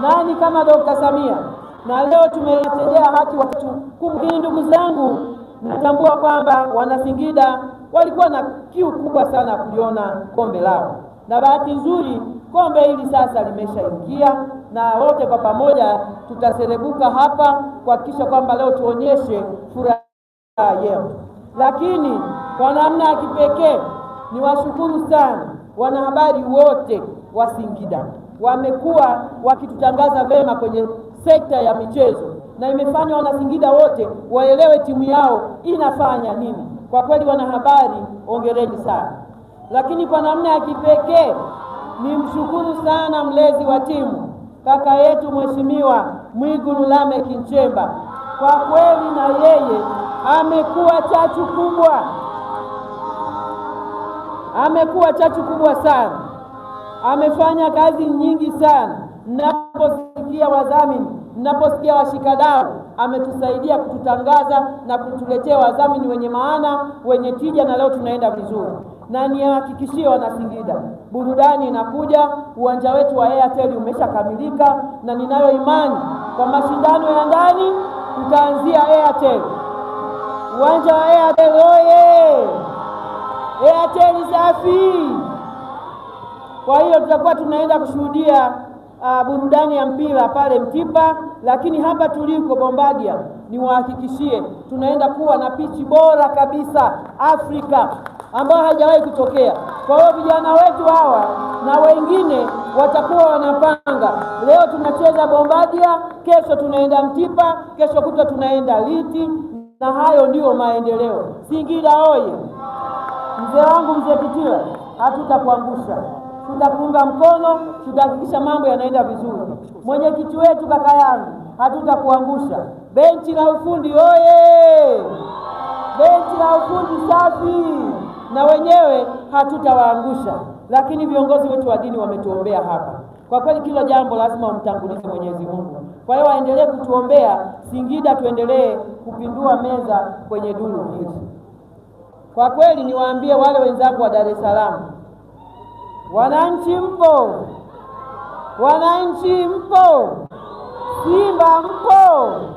nani kama Dr. Samia? Na leo tumewatendea haki watukufu. Ndugu zangu, natambua kwamba Wanasingida walikuwa na kiu kubwa sana kuliona kombe lao, na bahati nzuri kombe hili sasa limeshaingia, na wote kwa pamoja tutaserebuka hapa kuhakikisha kwamba leo tuonyeshe furaha yao. Lakini kwa namna ya kipekee niwashukuru sana wanahabari wote wa Singida wamekuwa wakitutangaza vema kwenye sekta ya michezo na imefanya wanasingida wote waelewe timu yao inafanya nini. Kwa kweli, wanahabari, ongereni sana. Lakini kwa namna ya kipekee ni mshukuru sana mlezi wa timu kaka yetu Mheshimiwa Mwigulu Lameck Nchemba, kwa kweli na yeye amekuwa chachu kubwa, amekuwa chachu kubwa sana amefanya kazi nyingi sana. Mnaposikia wadhamini, mnaposikia washikadau, ametusaidia kututangaza na kutuletea wadhamini wenye maana, wenye tija, na leo tunaenda vizuri na wana singida burudani inakuja. Uwanja wetu wa Airtel umeshakamilika, na ninayo imani kwa mashindano ya ndani tutaanzia Airtel, uwanja wa Airtel oye! Airtel safi! Kwa hiyo tutakuwa tunaenda kushuhudia uh, burudani ya mpira pale Mtipa, lakini hapa tuliko Bombadia, niwahakikishie tunaenda kuwa na pichi bora kabisa Afrika ambayo haijawahi kutokea. Kwa hiyo vijana wetu hawa na wengine watakuwa wanapanga, leo tunacheza Bombadia, kesho tunaenda Mtipa, kesho kutwa tunaenda Liti, na hayo ndiyo maendeleo. Singida oye! Mzee wangu Mzee Kitila, hatutakuangusha tutakuunga mkono, tutahakikisha mambo yanaenda vizuri. Mwenyekiti wetu kaka yangu, hatutakuangusha. Benchi la ufundi oye! Benchi la ufundi safi, na wenyewe hatutawaangusha. Lakini viongozi wetu wa dini wametuombea hapa kwa kweli, kila jambo lazima umtangulize Mwenyezi Mungu. Kwa hiyo waendelee kutuombea Singida, tuendelee kupindua meza kwenye duru hizi. Kwa kweli niwaambie wale wenzangu wa Dar es Salaam Wananchi mpo? Wananchi mpo? Simba mpo?